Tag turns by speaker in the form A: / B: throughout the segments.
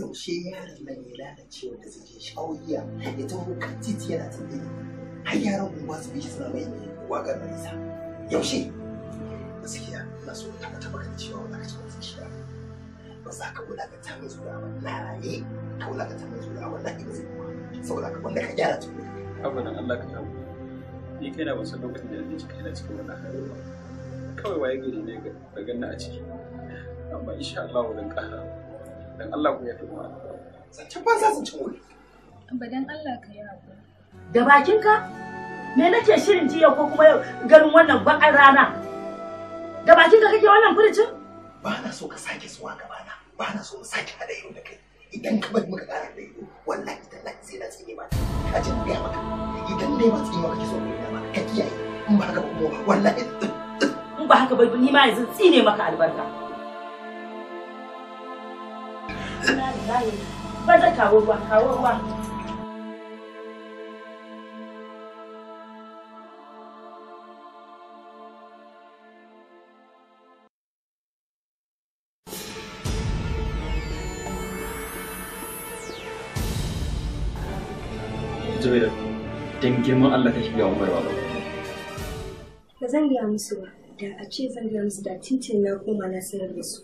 A: yaushe yaron nan ya lalace wanda suke shawiya ya taho kan titi yana tafiya har yaran unguwa su bi shi suna mai wagar da nisa yaushe gaskiya ina so ka cewa wanda ka ci wani ba za ka wulakanta mai zuwa ba na raye ka wulakanta mai zuwa wallahi ba zai kuma
B: saboda ka wanda ka gyara tuni abadan Allah ka tabbata ni kaina ban san lokacin da nake cikin cikin wannan kawai waye gari ne ga ganna a ciki amma insha Allah ƙara dan Allah ku yafi mu
C: zancen banza zancen wuri ba dan Allah ka yi haƙuri. da bakinka me nake shirin jiya ko kuma garin wannan bakar rana da bakinka kake wannan
A: furucin ba na so ka sake zuwa gaba na ba na so ka sake hada yau da kai idan ka bari muka ƙara da ido wallahi tallahi sai na tsine mata ka ji ga maka idan dai ba tsine maka ki
C: so ne da ka kiyaye in ba haka ba kuma wallahi in ba haka ba ni ma yanzu tsine maka albarka wallahi da kawo ruwa kawo ruwa
B: Zubair, don girman Allah ka shiga
D: Umar ba. Ba zan gaya musu ba, da a ce zan gaya musu da titin na koma na sanar da su.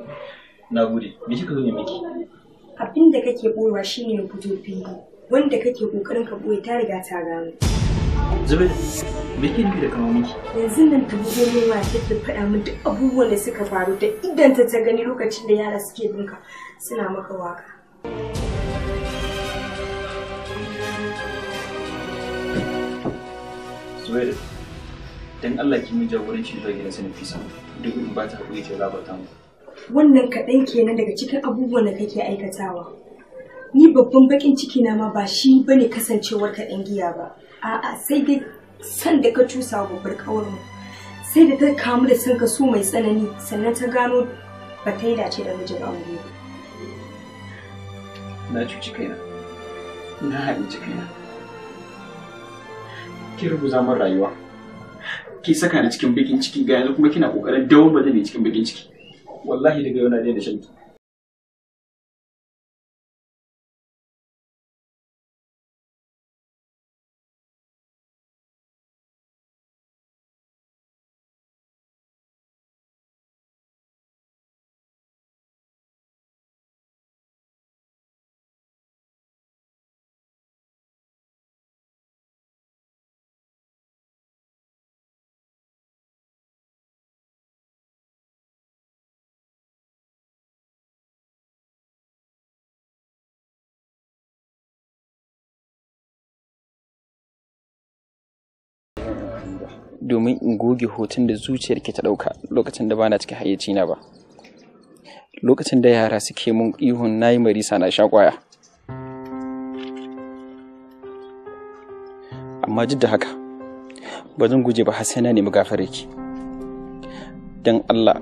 B: na gode me kika zo ne miki
D: abin da kake boyewa shine ya fito fili wanda kake kokarin ka boye ta riga ta gano
E: zube me kike nufi da kama
D: miki yanzu nan ta bugo ne ma ta faɗa min duk abubuwan da suka faru da idan ta ta gani lokacin da yara suke binka suna maka waka
B: Zubi, dan Allah ki mun jagoranci zuwa gidan sanin fisa, duk in ba ta haƙuri ke labarta mu.
D: wannan kaɗan kenan daga cikin abubuwan da kake aikatawa ni babban bakin ciki na ma ba shi bane kasancewar ka ɗan giya ba a'a sai dai san da ka cusa babbar mu. sai da ta kamu da san so mai tsanani sannan ta gano ba ta yi dace da mijin aure
B: na cuci kaina na haɗinci kaina ki rubuta min rayuwa ki saka ni cikin bakin ciki ga yanzu kuma kina
A: kokarin dawo ba zan cikin bakin ciki wallahi daga yau na daina shan domin in goge hoton da zuciyar ke ta ɗauka
B: lokacin da bana cikin hayyacina ba lokacin da yara suke mun ihun nayi marisa na sha kwaya amma duk da haka ba zan guje ba har sai na nemi gafarar ki dan allah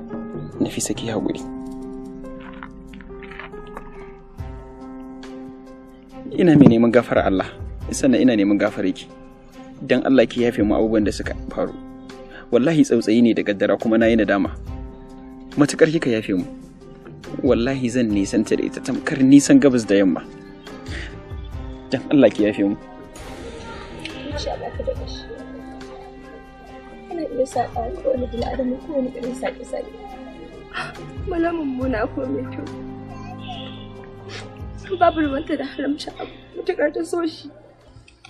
B: na fi saki hakuri ina mai neman gafara allah sannan ina neman gafare ki dan Allah ki yafe mu abubuwan da suka faru wallahi tsautsayi ne da gaddara kuma na yi nadama matukar kika yafe mu wallahi zan nisan da ita tamkar nisan gabas da yamma dan Allah ki yafe mu
C: ana iya saƙa ko
D: ko mai kyau babu ruwanta da haramci abu mutukar ta so shi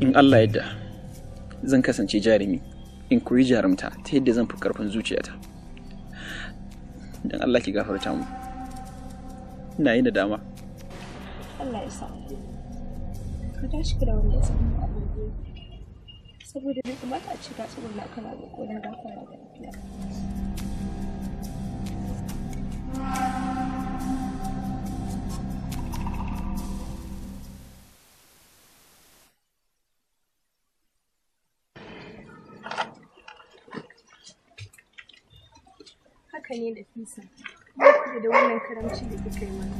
B: in Allah yadda zan kasance jarumi in koyi jarumta ta yadda zan fi karfin zuciyata don Allah ki gafarta mu ina yi da dama
D: Allah ya sa ka tashi da wani ya samu abin da saboda bai kamata a ce ka na kana da kodin gafara da lafiya ne fisa, Ba da wannan karamci da kika yi mana.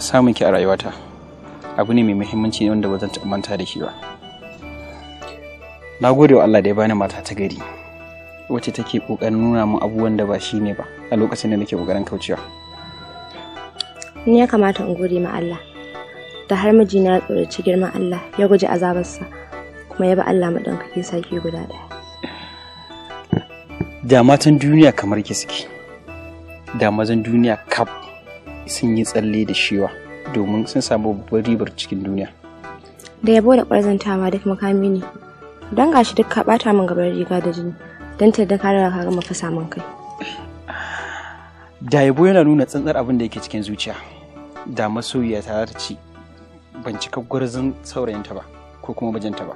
A: samun ki a
B: rayuwata abu ne mai muhimmanci wanda ba zan manta da shi ba na gode wa Allah da ya bani mata ta gari wacce take kokarin nuna min abubuwan da ba shi ne ba a lokacin da nake kokarin kaucewa
D: ni ya kamata in gode ma Allah da har na ya tsoraci girma Allah ya guji azabarsa kuma ya ba Allah kake sarki guda ɗaya
B: da matan duniya kamar ki suke da mazan duniya kaf sun yi tsalle da shewa domin sun samu babban ribar cikin duniya
D: da yabo da ƙwarzanta ma duk makami ne don gashi duk ka ɓata min gabar riga da jini don ta da ka ka gama fasa min kai
B: da yabo yana nuna tsantsar abin da yake cikin zuciya da masoyiya ta ta ci ban cika gwarzin saurayinta ba ko kuma bajinta ba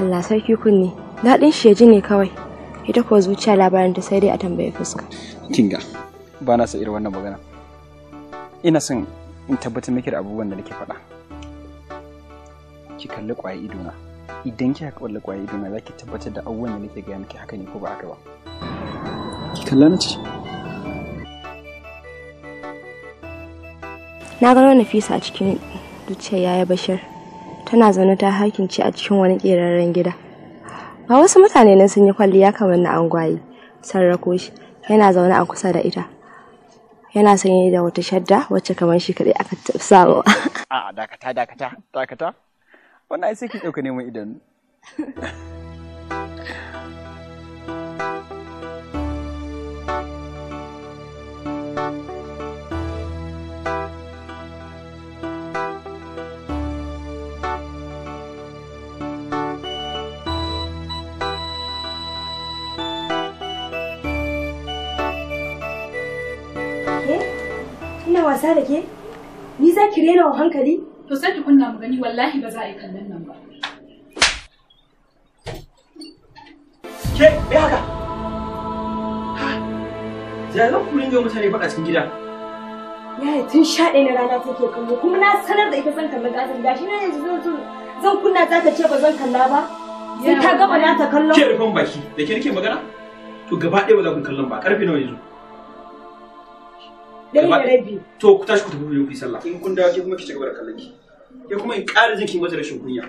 D: Allah sarki kunne daɗin shi ya ji ne kawai ita kuwa zuciya labarin sai dai a tambaye fuska
B: kinga ba na sa irin wannan magana ina son in tabbatar miki da abubuwan da nake faɗa ki kalli ƙwaye idona idan kika kalli ƙwaye idona za ki tabbatar da abubuwan da nake gaya miki haka ne ko ba haka ba
D: ki kalla na ci na gano nafisa a cikin zuciyar yaya bashir tana zaune ta hakince a cikin wani ƙeraren gida a wasu mutane nan sun yi kwalliya kamar na angwaye sarrako shi yana zaune a kusa da ita yana sanye da wata shadda wacce kamar shi kaɗai aka samu.
B: A'a dakata dakata dakata. Wannan ai sai ki ɗauka neman idanu.
D: wasa da ke? Ni za ki rena wa hankali?
C: To sai ki kunna mu gani wallahi ba za a yi kallon nan ba. Ke, me
B: haka? Ha, ya za ku ringa mutane faɗa cikin gida?
C: Yaya tun sha ɗaya na rana take kallo kuma na sanar da ita zan kalla ƙasar gashi na yanzu zan tun zan kunna ta ta ce ba zan kalla ba. Sai ta gama na ta
B: kallo. Ke rufin baki da ke nake magana? To gaba ɗaya ba za ku kallon ba ƙarfe nawa yanzu. Dai da rabi. To ku tashi ku tafi ku yi sallah. In kun dawo ke kuma ki ci gaba da kallon ki. Ke kuma in ƙara jin rashin kunya.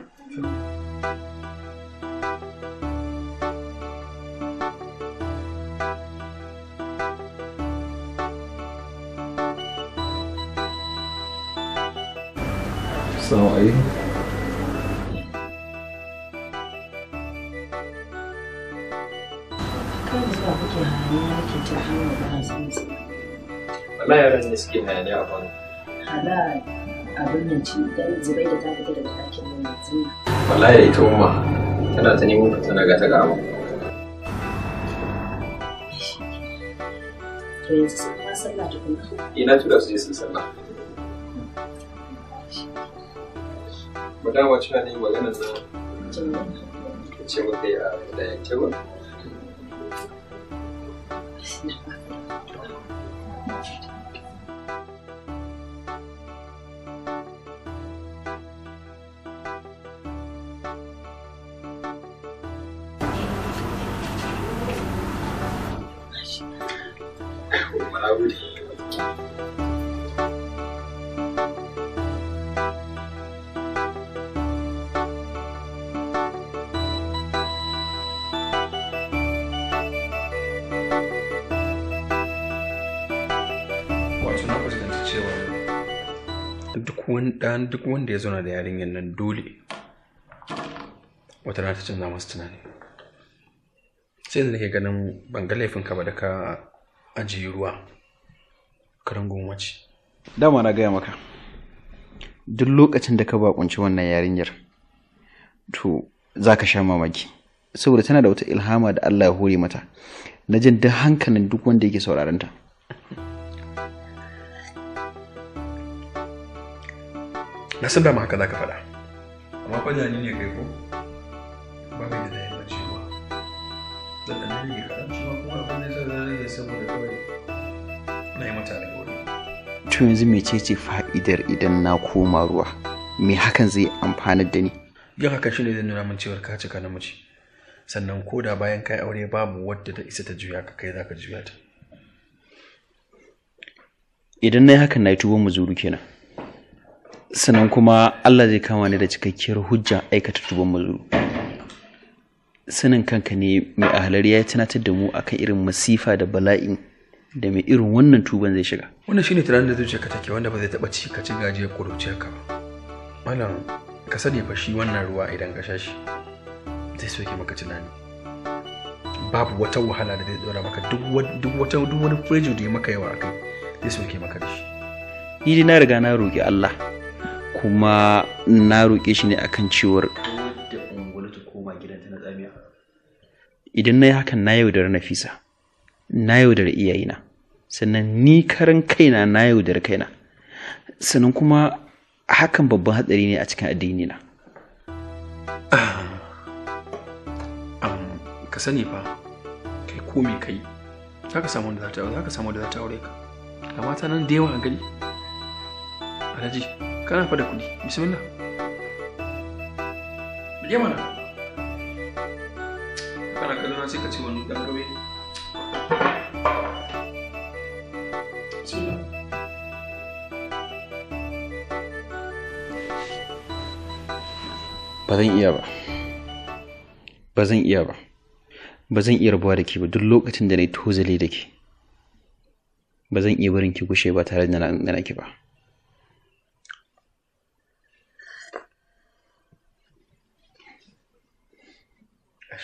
B: Assalamu alaikum. amma yaran da suke hayaniya a kwano
C: hala abin nan ce da zubai da ta fita daga ɗakin nan
B: yanzu umma tana ta ta ina tura su je su sallah mu dawo cewa ne maganar nan ce muka yi a da yanke
F: ɗan duk wanda ya zauna da yarinyar nan dole wata rana ta canza masu tunani sai da nake ganin ban ga laifinka ba da ka ajiye ruwa karin gomaci
B: dama na gaya maka duk lokacin da ka bakunci wannan yarinyar to za ka sha mamaki saboda tana da wata ilhama da Allah ya hore mata na jin duk hankalin duk wanda yake sauraron ta na san dama haka za ka faɗa
F: amma kwanya ni ne kai ko ba ka da yawa cewa da ɗan ne kaɗan shi ma kuma abin da zai rage saboda kawai na yi mata alƙawari
B: to yanzu ce fa'idar idan na koma ruwa me hakan zai amfana da ni
F: yin haka ne zai nuna min cewar ka cika namiji sannan ko da bayan kai aure babu wadda ta isa ta juya ka kai zaka juya ta
B: idan na yi hakan na yi tubo mu zuru kenan sannan kuma Allah zai kama ni da cikakkiyar hujja aikata tuban mazu sanin kanka ne mai ahalari ya tunatar da mu akan irin masifa da bala'in da mai irin wannan tuban zai shiga
F: wannan shine tunanin da ka take wanda ba zai taba ci ka ci gajiyar ka ba malam ka sani fa shi wannan ruwa idan ka sha shi zai soke maka tunani babu wata wahala da zai dora maka duk wata duk wani ya maka yawa akai zai soke maka da shi
B: ni dai na riga na roki Allah kuma na roƙe shi ne akan cewar idan na yi hakan na yaudara nafisa na da iyayena sannan ni karan kaina na da kaina sannan kuma hakan babban hatsari ne a cikin addini na ah, ka sani fa kai ko kai za ka samu da
F: za ta aure ka amma ta nan da yawa a gari daji kana fa da kuɗi bismillah biye mana kana kallo na sai ka ce wani dan gawe
B: ba zan iya ba ba zan iya ba ba zan iya rabuwa da ke ba duk lokacin da na yi tozali da ke ba zan iya barin ki gushe ba tare da na ki ba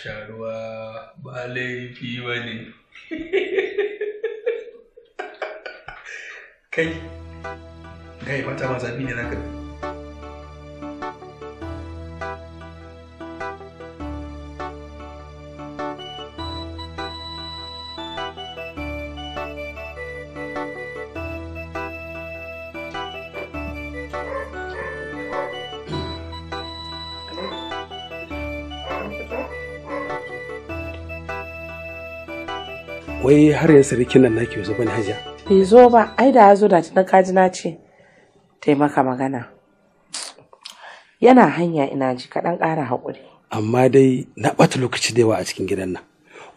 F: sha ruwa ba laifi ba ne kai gai mata mazafi ne na kai
G: wai har yanzu sarki nan nake zo bani hajiya
E: bai zo ba ai da ya zo da tunan kaji na ce taimaka magana yana hanya ina ji kaɗan ƙara haƙuri
G: amma dai na ɓata lokaci da yawa a cikin gidan nan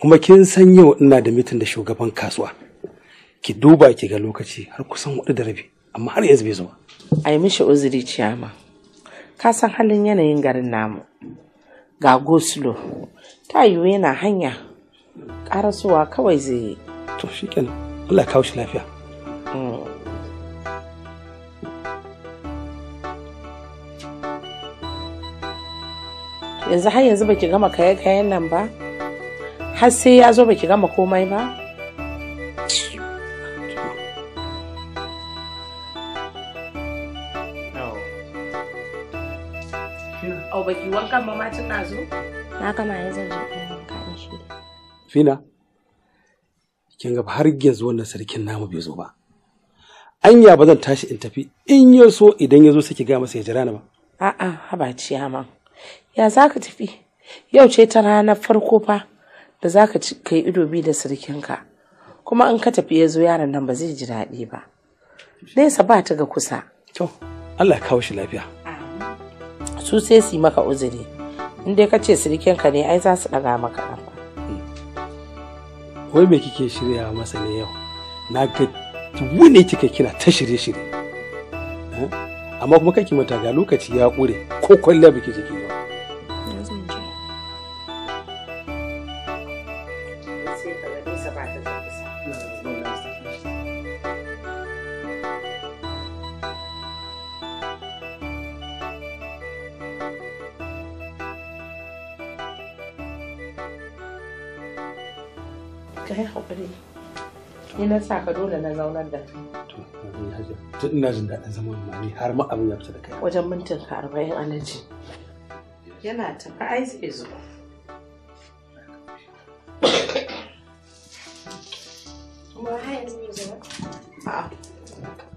G: kuma kin san yau ina da mitin da shugaban kasuwa
E: ki duba ki ga lokaci har kusan huɗu da rabi amma har yanzu bai zo ba a mishi uzuri ciyama ka san halin yanayin garin namu ga slow. ta yiwu yana hanya karasuwa kawai zai yi to shi kenan
G: Allah kawo shi lafiya
E: yanzu har yanzu baki gama kayan nan ba har sai ya zo baki gama komai ba
D: Au baki wankan mama na zo? Na kama yanzu. zan
G: fina kin ga har yanzu wannan sarkin namu bai zo ba anya ba zan tashi in tafi in ya so idan ya zo sai ki ga masa ya jira ni ba
E: a'a haba ma ya zaka tafi yau ce ta rana farko fa da zaka kai ido bi da sarkinka kuma in ka tafi ya zo yaron nan ba zai ji daɗi ba nesa ba ta ga kusa to Allah ya kawo shi lafiya su sai su yi maka uzuri in dai ka ce sirkinka ne ai za su ɗaga maka amma
G: wai me kike shirya masa ne yau na ga wune kika kina ta shirye-shirye amma kuma kake mata ga lokaci ya ƙure ko kwalliya biki jiki
E: na sa ka dole na zaunar da ina Yana tafi ai sai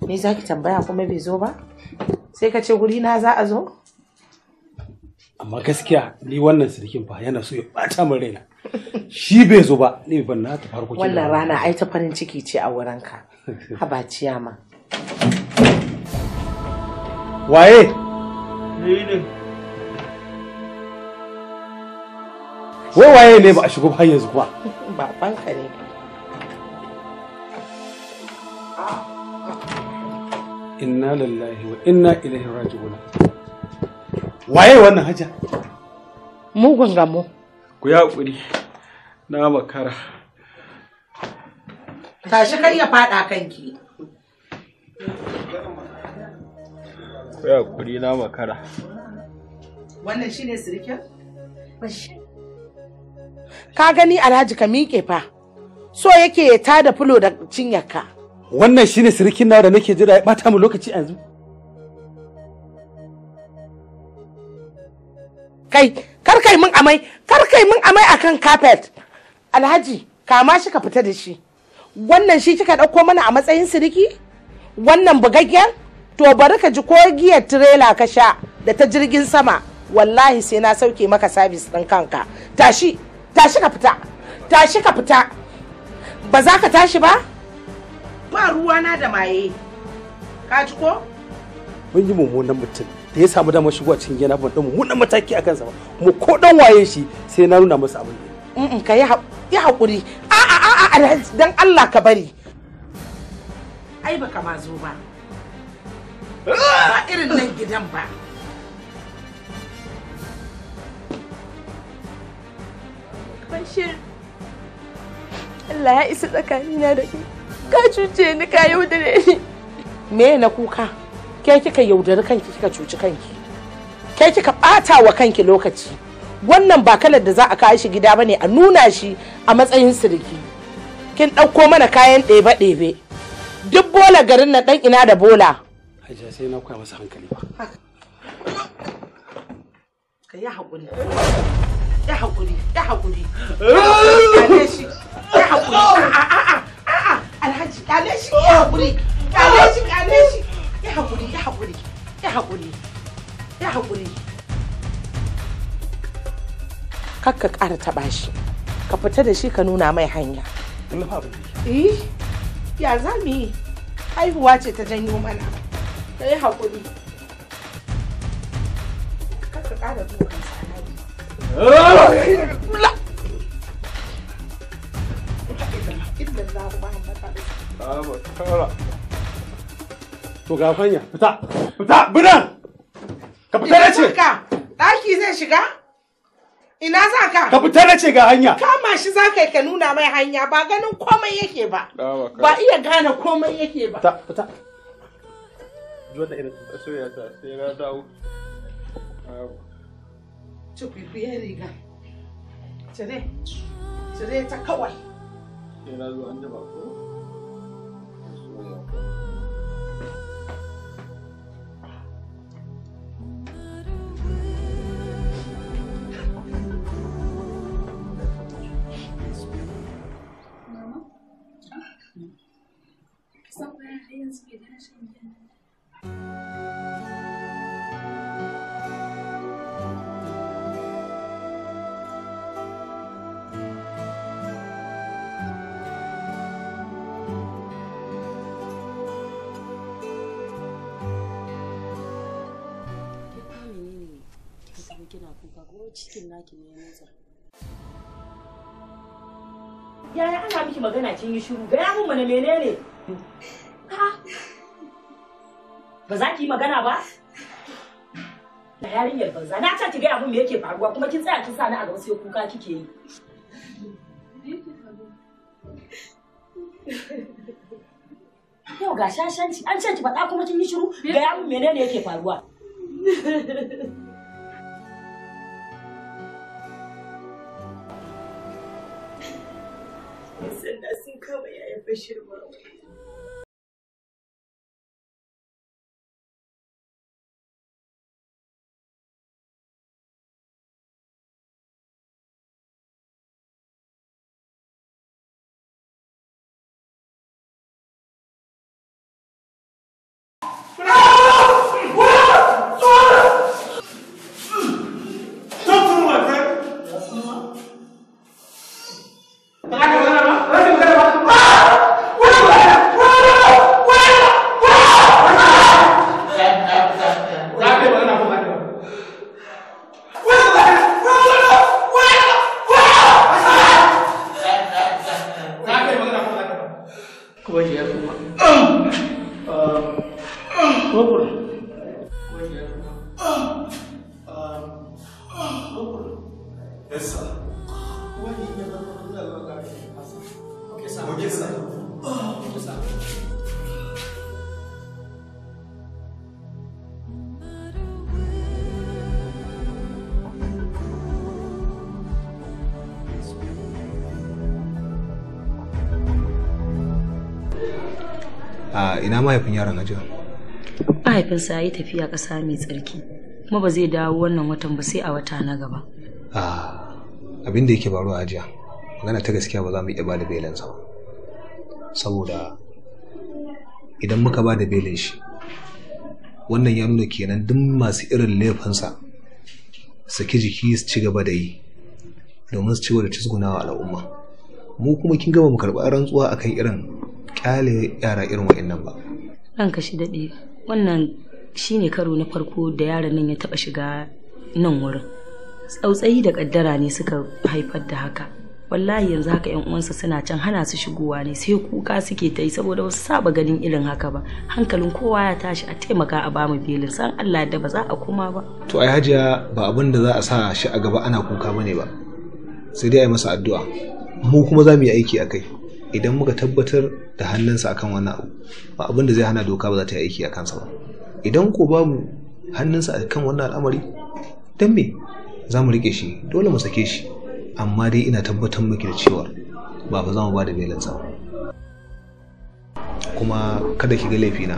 E: Ni za tambaya kuma bai zo ba? Sai ka ce guri na za a zo?
G: amma gaskiya ni wannan sirkin fa yana so ya bata min raina shi bai zo ba ni ban na ta farko wannan rana
E: ai ta farin ciki ce a wurinka haba ciyama waye ma.
D: ne
G: wai waye ne ba a shigo ba yanzu kuma
E: babanka ne
G: inna lillahi wa inna ilaihi raji'un waye wannan hajja
E: mugun gamo
B: ku ya hakuri na makara
E: tashi kai ya fada kanki
B: ku ya hakuri na makara
E: wannan shine sirkin ka gani alhaji ka miƙe fa so yake ya tada fulo da cinyarka
G: wannan shine sirkin na da nake jira ya bata mu lokaci yanzu
E: kai kar kai min amai kar kai amai akan carpet alhaji kama shi ka fita da shi wannan shi kika ɗauko mana a matsayin siriki wannan bugaggen to bari ka ji ko giyar tirela ka sha da ta jirgin sama wallahi sai na sauke maka sabis ɗin kanka tashi tashi ka fita tashi ka fita ba za ka tashi ba ba ruwana da maye ka ji ko
G: mun yi mummunan mutum da ya samu damar shigo a cikin gina ban ɗin mu mataki a kansa ba mu ko dan waye shi sai
E: na nuna masa abin in ka yi haƙuri a a a a alhaji dan Allah ka bari ai baka ma zo ba ba irin nan gidan ba
D: Bashir Allah ya isa tsakanina da ke
E: ka cuce ni ka yaudare ni me na kuka kai kika yaudari kanki kika cuci kanki ke kika ɓata wa kanki lokaci wannan ba kalar da za a kawo shi gida bane a nuna shi a matsayin sirki kin ɗauko mana kayan ɗebe-ɗebe duk bola garin nan ɗan ina da bola
G: sai na kwa masa hankali ba
E: ka yi haƙuri ya haƙuri ya haƙuri ka ƙara taɓa shi ka fita da shi ka nuna mai hanya eh ya za mu yi haihuwa ce ta janyo mana ta yi haƙuri
B: ƙara
G: To ga fanya, fita, fita,
E: Ka fita da ce! Ɗaki zai shiga? Ina za ka? Ka fita na ce ga hanya. Kama shi za ka yi ka nuna mai hanya ba ganin komai yake ba. Ba iya gane komai yake ba.
B: Ta fita. Zo da irin soya ta sai na dawo. Cukuku ya riga.
E: Cire. Cire ta kawai.
B: Sai na zo an jaba ko? Somewhere hands be dashing in.
C: k i a kuka ko n naki e a yaya ana miki magana kin yi shiru gaya mun mana menene ba za ki yi magana ba na yarinyar banza na ta ki gaya mun me yake faruwa kuma kin tsaya kin sani a gaba sai kuka kike yi yau ga shashanci an ce ki faɗa kuma kin yi shiru gaya mun menene yake faruwa
A: sannan sun kama yayan bashir mamaye ina mahaifin yaron ajiya
C: mahaifinsa ya yi tafiya kasa mai tsarki kuma ba zai dawo wannan watan ba sai a wata na gaba
A: abin da yake faruwa jiya magana ta gaskiya ba za mu iya ba da belinsa ba saboda idan muka ba da belin shi wannan ya nuna kenan duk masu irin laifinsa saki jiki su ci gaba da yi domin su ci gaba da cizgunawa al'umma mu kuma kin gaba mu karɓi rantsuwa akan irin kyale yara irin wa'annan ba
C: ranka shi daɗe wannan shine karo na farko da yaron nan ya taɓa shiga nan wurin tsautsayi da ƙaddara ne suka haifar da haka wallahi yanzu haka yan uwansa suna can hana su shigowa ne sai kuka suke ta yi saboda wasu saba ganin irin haka ba hankalin kowa ya tashi a taimaka a bamu belin san Allah da ba za a koma ba
A: to ai hajiya ba abin da za a sa shi a gaba ana kuka bane ba sai dai a yi masa addu'a mu kuma za mu yi aiki a kai idan muka tabbatar da hannunsa akan wani abu ba abin da zai hana doka ba za ta yi aiki a kansa ba idan ko babu hannunsa a kan wannan al'amari dan me za mu rike shi dole mu sake shi amma dai ina tabbatar miki da cewa ba ba za mu ba da belinsa ba kuma kada ki ga laifina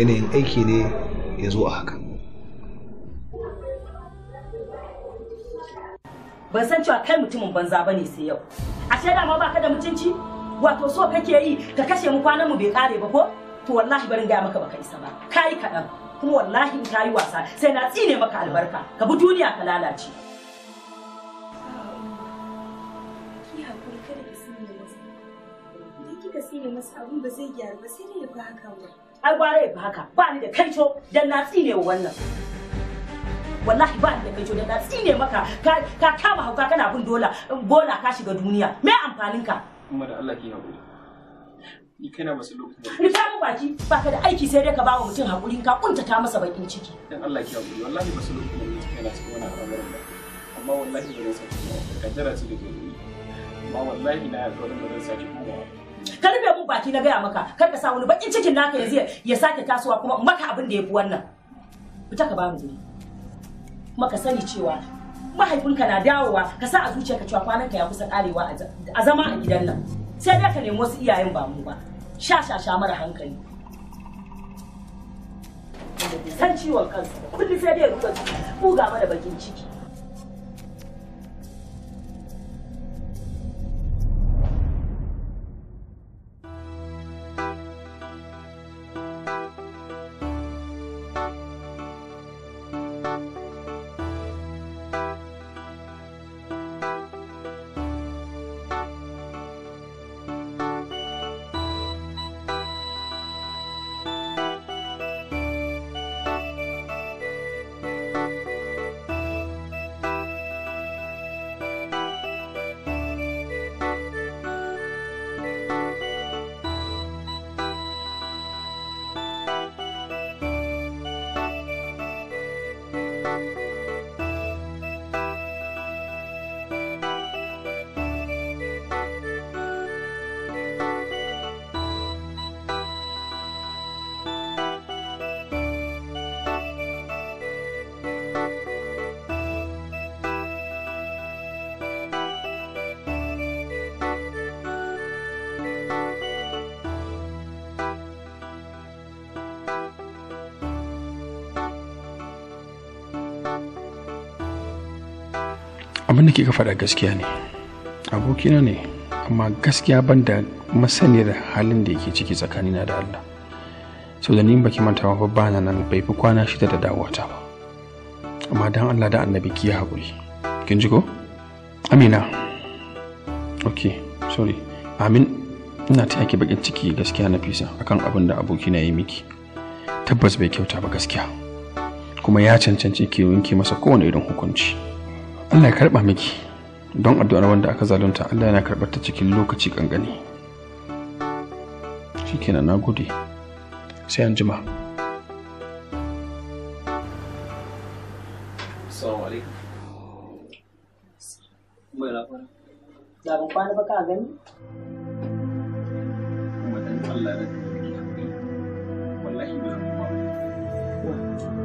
A: yanayin aiki ne ya zo a haka
C: ban san cewa kai mutumin banza ba ne sai yau a shaida ma ka da mutunci wato so kake yi ka kashe mu kwanan mu bai kare ba ko to wallahi barin gaya maka baka isa ba kai kaɗan kuma wallahi in kayi wasa sai na tsine maka albarka ka bi duniya ka lalace
D: abin ba zai gyaru ba sai dai ya fi haka ba.
C: Ai gwara ya fi haka ba ni da kaito dan na tsine wa wannan. wallahi ba ni da kaito da na tsine maka ka kama hauka kana bin dola bola ka shiga duniya me amfanin ka
B: kuma da Allah ki haƙuri ni kaina ba su lokacin da
C: rufa mu baki ba ka da aiki sai dai ka ba wa mutum haƙuri ka kunta ta masa bakin ciki
B: dan Allah ki haƙuri wallahi ba su lokacin da kaina cikin wannan al'amarin ba amma wallahi ba zan kuma ba kaddara ce da ke yi amma wallahi na alƙawarin ba zan saki kowa
C: ka rufe mun baki na gaya maka kar ka sa wani bakin cikin naka yanzu ya sake tasowa kuma maka abin da ya fi wannan fita ka ba mu kuma ka sani cewa mahaifinka na dawowa ka sa a zuciyarka cewa ka ya kusa karewa a zama a gidan nan sai dai ka nemi wasu iyayen ba mu ba sha sha sha mara hankali san ciwon kansa kullum sai dai ya ku ga mana bakin ciki
F: abin da kika faɗa gaskiya ne abokina ne amma gaskiya ban da masaniyar halin da yake ciki tsakani na da Allah sau da ni baki mantawa ba ba na nan bai fi kwana shida da dawata ba amma don Allah da annabi kiya haƙuri kin ji ko amina ok sorry amin ina ta ki bakin ciki gaskiya na fisa akan abin da abokina ya yi miki tabbas bai kyauta ba gaskiya kuma ya cancanci ke yanke masa kowane irin hukunci Allah ya karɓa miki don addu'ar wanda aka zalunta Allah yana karɓar ta cikin lokaci kankani shikenan na gode sai an jima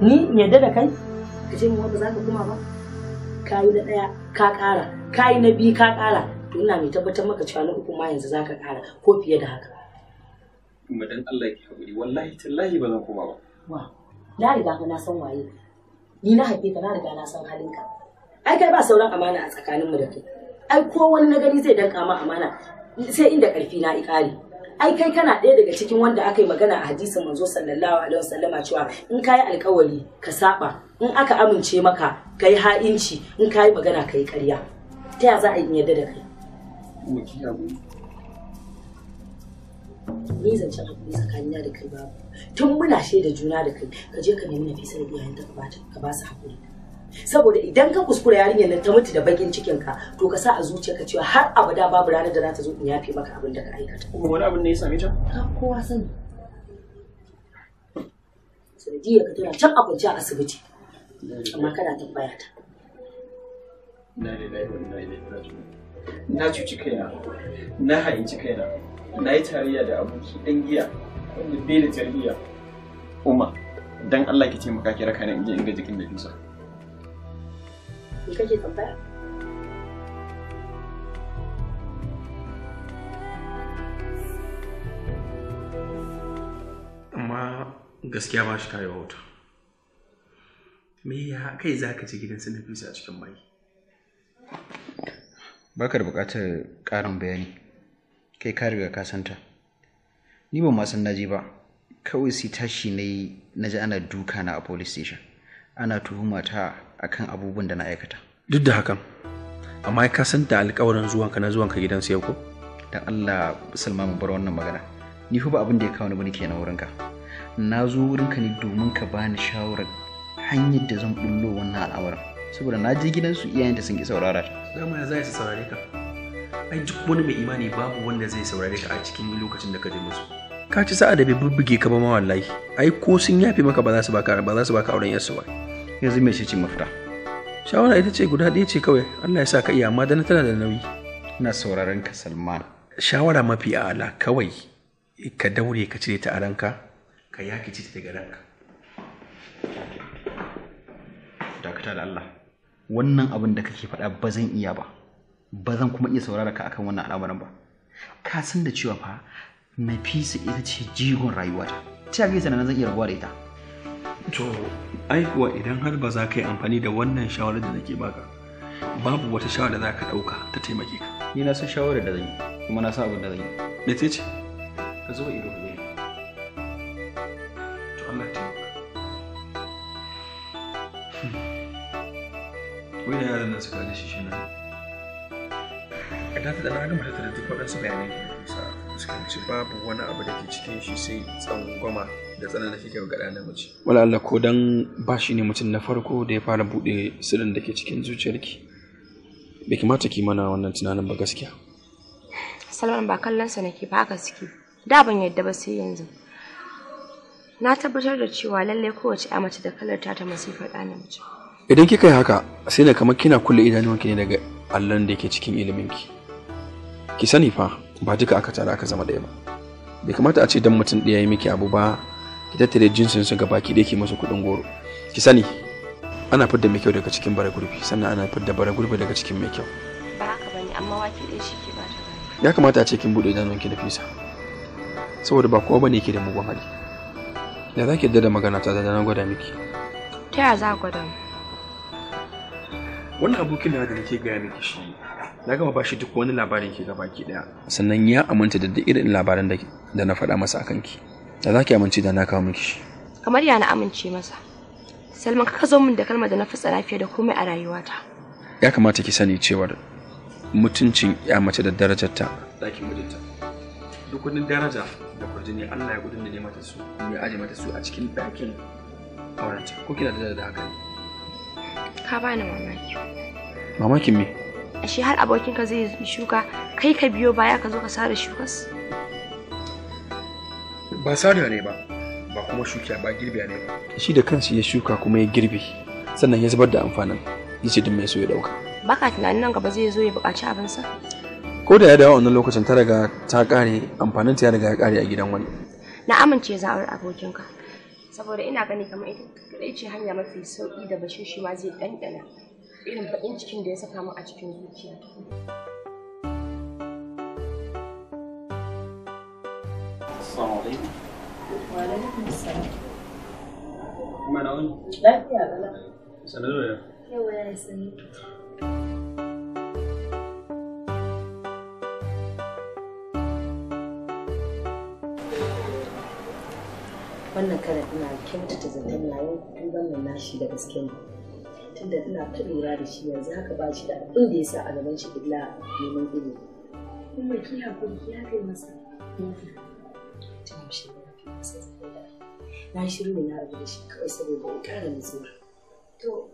C: Ni yadda da kai? Ka ce mu ba za ka kuma ba? kayi na ɗaya ka ƙara kayi na biyu ka ƙara to ina mai tabbatar maka cewa na uku ma yanzu za ka ƙara ko fiye da haka.
B: Madan Allah ki haƙuri wallahi tallahi ba zan koma ba.
C: Wa na riga ka na san waye ni na haife ka na riga na san halinka ai kai ba sauran
B: amana a tsakaninmu da kai
C: ai ko wani na gani zai danka ma amana sai inda ƙarfi na iƙari. ai kai kana ɗaya daga cikin wanda aka yi magana a hadisin manzo sallallahu alaihi sallama cewa in kayi alkawari ka saba in aka amince maka ka yi ha'inci in kayi magana ka yi ƙarya ta ya za a yi yadda da kai ni zancen hakuri tsakanina da kai babu tun muna shaida juna da kai ka je ka nemi na da iyayen ka ba su hakuri saboda idan ka kuskura yarinyar nan ta mutu da bakin cikin ka to ka sa a zuciyarka cewa har abada babu ranar da za ta zo in yafe maka abin da ka aikata kuma wani abin ne ya same ta kowa sani sanadiyar ka tana can a kwanci a asibiti
B: amma kana tambaya ta na cuci kaina na ha'inci kaina na yi tarayya da aboki dan giya wanda bai da tarbiyya umma dan Allah ki taimaka ki raka ne in inga jikin da dusa me kake tambaya
F: amma gaskiya ba shi kayo wauta me ya kai za ka ci gidan su a cikin mai
B: bakar buƙatar ƙarin bayani kai ka riga ka santa ni ban ma san ba kawai sai tashi na na ji ana duka na a police station ana tuhuma ta akan abubuwan da na aikata duk da hakan amma ka san da alƙawarin zuwanka na zuwanka gidan sai ko dan Allah Salma mu bar wannan magana ni fa ba abin da ya kawo ni bane kenan wurinka na zo wurinka ne domin ka bani shawarar hanyar da zan bullo wannan al'amarin saboda na je gidan iyayen iyayenta sun ki saurara ta
F: ya za su saurare ka ai duk wani mai imani babu wanda zai saurare ka a cikin lokacin da ka je musu ka ci sa'a da bai bubbuge ka ba ma wallahi ai ko sun yafe maka ba za su baka ba za su baka auren yarsu ba yanzu mai ce mafita shawara ita ce guda ɗaya ce kawai allah ya sa ka iya amma tana da nauyi ina sauraron ka salman shawara mafi ala kawai ka
B: daure ka cire ta a ranka ka yaki ci daga ranka dakata da allah wannan abin da kake faɗa ba zan iya ba ba zan kuma iya saurara ka akan wannan al'amarin ba ka san da cewa fa nafisa ita ce jigon rayuwata ta yi sanan zan iya rabuwa da ita to ai kuwa idan har ba za ka yi amfani da wannan shawarar da nake baka babu wata shawara da za ka ɗauka ta taimake ka ni na san shawarar da zan yi kuma na san abin da zan yi da ce ce ka zo ido ne to Allah ta
F: hmm. wai da yaran nan suka ji shi shine idan ta na gama tattara duk waɗansu bayanai da suka ci babu wani abu da ke cikin shi sai tsangwama da da fikin gaɗa ɗan mace. wala Allah ko dan ba shi ne mutum na farko da ya fara buɗe sirrin da ke cikin zuciyarki bai kamata ki mana wannan tunanin ba gaskiya
D: Salman ba kallon sa nake ba haka suke da ban yadda ba sai yanzu na tabbatar da cewa lallai kowace a mace da kalar ta ta masifar na mace.
F: idan kika yi haka sai na kamar kina kulle idanuwanki ne daga allon da ke cikin iliminki ki sani fa ba duka aka tara aka zama ɗaya ba bai kamata a ce dan mutum ɗaya ya miki abu ba ki tattare jinsin su baki da yake masa kuɗin goro ki sani ana da mai kyau daga cikin bara gurbi sannan ana da bara gurbi daga cikin mai kyau
D: ba haka bane amma wake dai shi ke bata
F: ya kamata a ce kin bude idanun ki da fisa saboda ba kowa bane yake da mugun hali da za ki da magana ta da na gwada miki
D: ta ya za gwada mu
F: wannan abokin da nake gaya miki shi na gama ba shi duk wani labarin ke ga baki daya sannan ya aminta da irin labaran da na faɗa masa akan ki da za ki amince da na kawo miki shi
D: kamar ya na amince masa salman kaka zo min da kalmar da na fi tsara fiye da komai a rayuwata
F: ya kamata ki sani cewar mutuncin ya mace da darajarta ɗakin mijinta duk wani daraja da kwarjini Allah ya gudun da ne mata su ya aje mata su a cikin dakin aurenta ko kina da da haka
D: ka bani mamaki mamakin me ashe har abokinka zai shuka kai ka biyo baya ka zo ka sare shukas ba sariya ne
F: ba ba kuma shukiya ba girbiya ne ba shi da kansu ya shuka kuma ya girbi sannan ya zubar da amfanin ya ce mai so ya dauka
D: baka tunanin nan gaba zai zo ya buƙaci abin sa
F: ko da ya dawo wannan lokacin ta riga ta kare amfanin ta ya riga ya kare a gidan wani
D: na amince za a abokinka saboda ina gani kamar ita kadai ce hanya mafi sauki da bashir shi ma zai ɗanɗana irin baƙin cikin da ya saka mu a cikin zuciya
B: Assalamu alaikum. Wa alaikum assalam. na Lafiya da Sanar da yau. Yau ya yi sani.
C: wannan karan ina kyautata zaton layin kuɗin wannan nashi da gaske ne tunda ina ta lura da shi yanzu haka ba shi da abin da ya sa a gaban shi illa neman ilimi kuma masa tun yaushe da rafi na da na shiru ne na rabu da shi kawai saboda in ƙara nutsuwa. To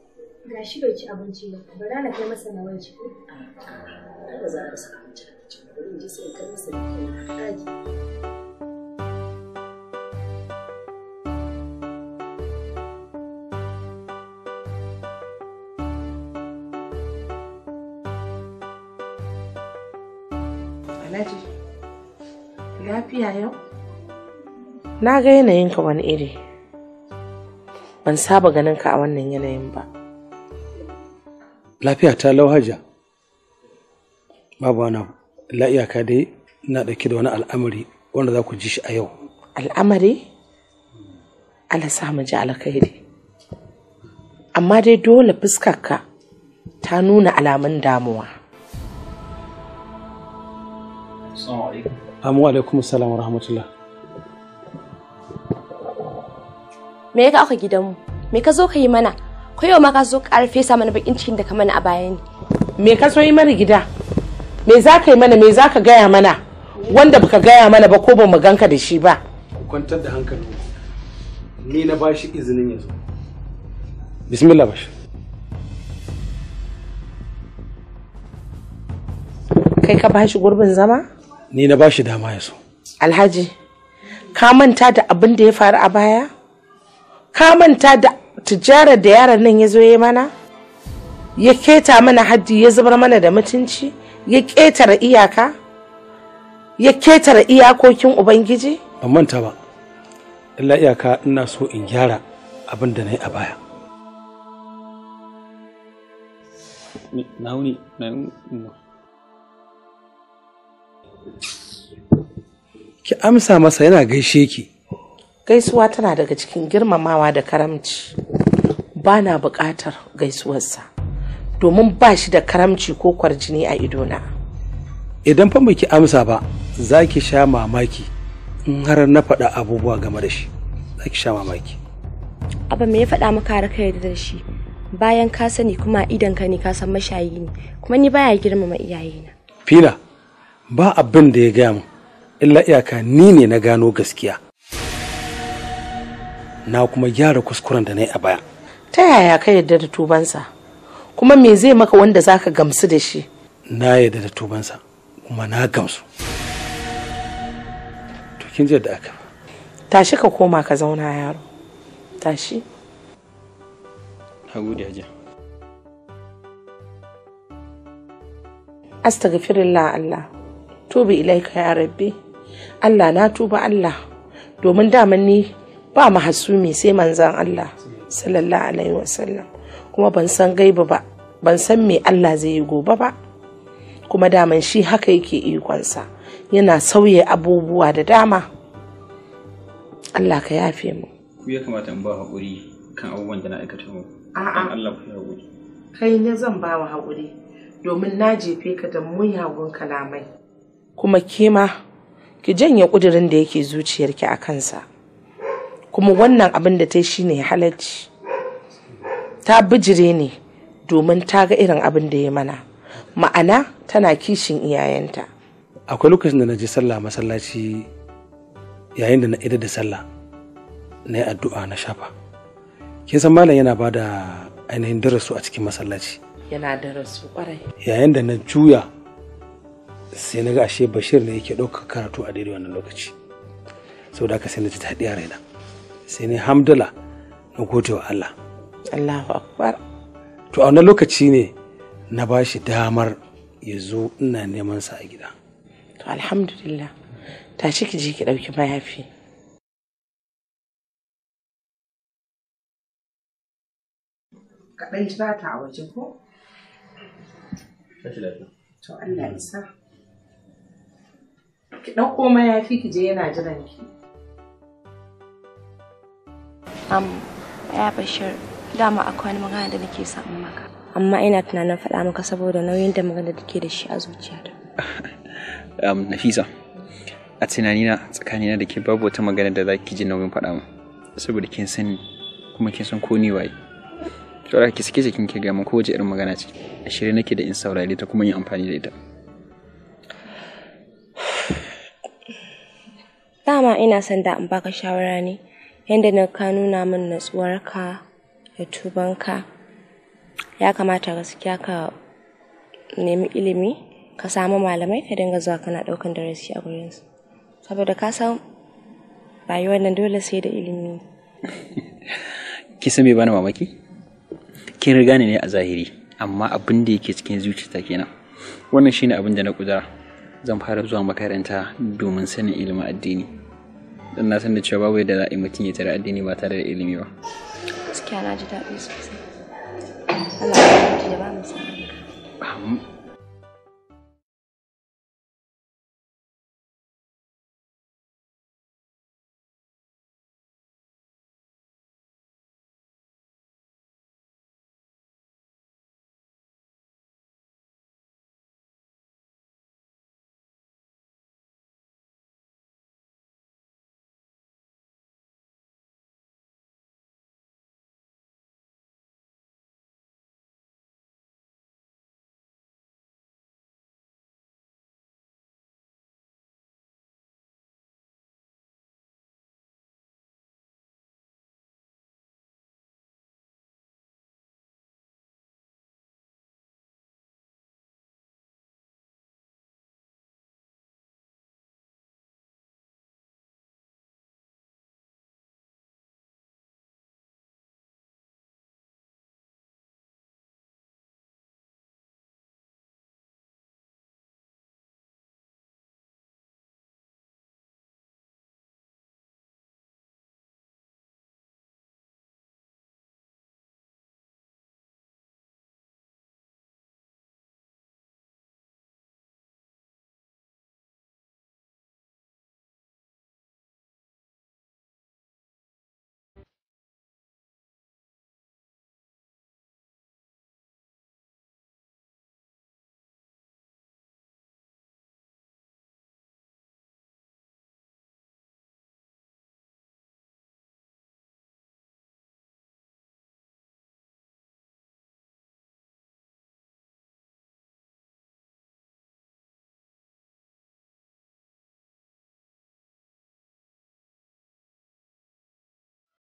C: ga shi bai ci abinci ba na kai masa na wanci ko? A'a ba za a rasa abinci a kicin bari in sai masa kai na ɗaki.
E: na ga yanayinka wani iri ban saba ganin ka a wannan yanayin ba
G: lafiya ta lauhaja babu wani la dai na ɗauke da wani al'amari wanda za ku ji shi a yau
E: al'amari ala sa mu ji alkhairi amma dai dole fuskarka ta nuna alamun damuwa
D: Assalamu alaikum.
G: Amu alaikum wa rahmatullah.
D: me ya ka gidanmu me ka zo ka yi mana ko yau ma ka zo ƙara fesa mana bakin cikin da ka mana a baya ne me ka so yi mana gida
E: me za ka yi mana me za ka gaya mana wanda baka gaya mana ba ko ba mu ganka da shi ba
G: ku kwantar da hankali ni na bashi izinin yanzu bismillah bashi
E: kai ka bashi gurbin zama
G: ni na shi dama ya so
E: alhaji ka manta da abin da ya faru a baya ka manta da tijarar da yaran nan ya zo ya mana ya keta mana haddi ya zubar mana da mutunci ya ketara iyaka ya ketara iyakokin ubangiji
G: ban manta ba illa iyaka ina so in gyara abin da na yi a baya ki amsa masa yana gaishe ki
E: gaisuwa tana daga cikin girmamawa da karamci ba na buƙatar gaisuwarsa domin ba shi da karamci ko kwarjini a idona
G: idan fa baki amsa ba za ki sha mamaki in har na faɗa abubuwa game da shi za ki sha mamaki
D: abu me ya faɗa maka har yarda da shi bayan ka sani kuma idan ka ne ka san mashayi ne kuma ni baya girmama iyayena
G: fina ba abin da ya gaya min illa iyaka ni ne na gano gaskiya na kuma gyara kuskuren da na yi a baya
E: ta yaya ka yarda da tubansa kuma me zai maka wanda za ka gamsu da shi
G: na yarda da tubansa kuma na gamsu to kin ji da aka
E: tashi ka koma ka zauna yaro tashi hagudi aje astaghfirullah Allah tubi ilaika ya rabbi Allah na tuba Allah domin daman ni ba mahasumi sai manzan Allah sallallahu alaihi wasallam kuma ban san gaiba ba ban san me Allah zai yi gobe ba kuma daman shi haka yake ikonsa yana sauya abubuwa da dama Allah ka yafe mu
B: ku ya kamata in ba haƙuri kan abubuwan da na aikata mu a'a Allah ku haƙuri
E: kai ne zan ba wa haƙuri domin na jefe ka da muyagun kalamai kuma kema ki janye ƙudurin da yake zuciyarki a kansa kuma wannan abin da ta yi shine halarci, ta bijire ne domin ta ga irin abin da ya mana ma'ana tana kishin iyayenta
G: akwai lokacin da na je sallah masallaci yayin da na ida da sallah na yi addu'a na shafa kin san malam yana ba da ainihin darasu a cikin masallaci
E: yana darasu kwarai
G: yayin da na juya sai na ga ashe bashir ne yake ɗaukar karatu a daidai wannan lokaci saboda haka sai na ji daɗi a raina sai ne hamdala na gode wa Allah Allahu akbar to a wani lokaci ne na ba shi damar ya zo ina neman sa a gida
E: to alhamdulillah ta ci je ki ɗauki mayafi kaɗan jira ta a waje ko? To Allah isa. Ki ɗauko mayafi ki je yana jiran ki.
D: am ya bashir dama akwai wani magana da nake son maka amma ina tunanin faɗa maka saboda nauyin da magana da ke da shi a zuciyata
B: nafisa a tunanina tsakanina da ke babu wata magana da za ki ji nauyin faɗa mu saboda kin sani kuma kin san ko ni waye saboda ki sake jikin ki ga mu kowace irin magana ce a shirye nake da in saurare ta kuma yin amfani da ita
D: dama ina son da in baka shawara ne yadda na ka nuna min natsuwarka da tubanka ya kamata gaskiya ka nemi ilimi ka samu malamai ka dinga zuwa kana daukan darasi a gurinsu saboda ka san rayuwar nan dole sai da ilimi
B: ki san me bani mamaki kin riga ne a zahiri amma abin da yake cikin zuciyata kenan wannan shine abin da na kudura zan fara zuwa makaranta domin sanin ilimin addini don na san da cewa babu yadda za a yi mutum ya tare addini ba tare da ilimi ba
D: gaskiya na ji daɗi sosai
A: Allah ya ba mu sa'a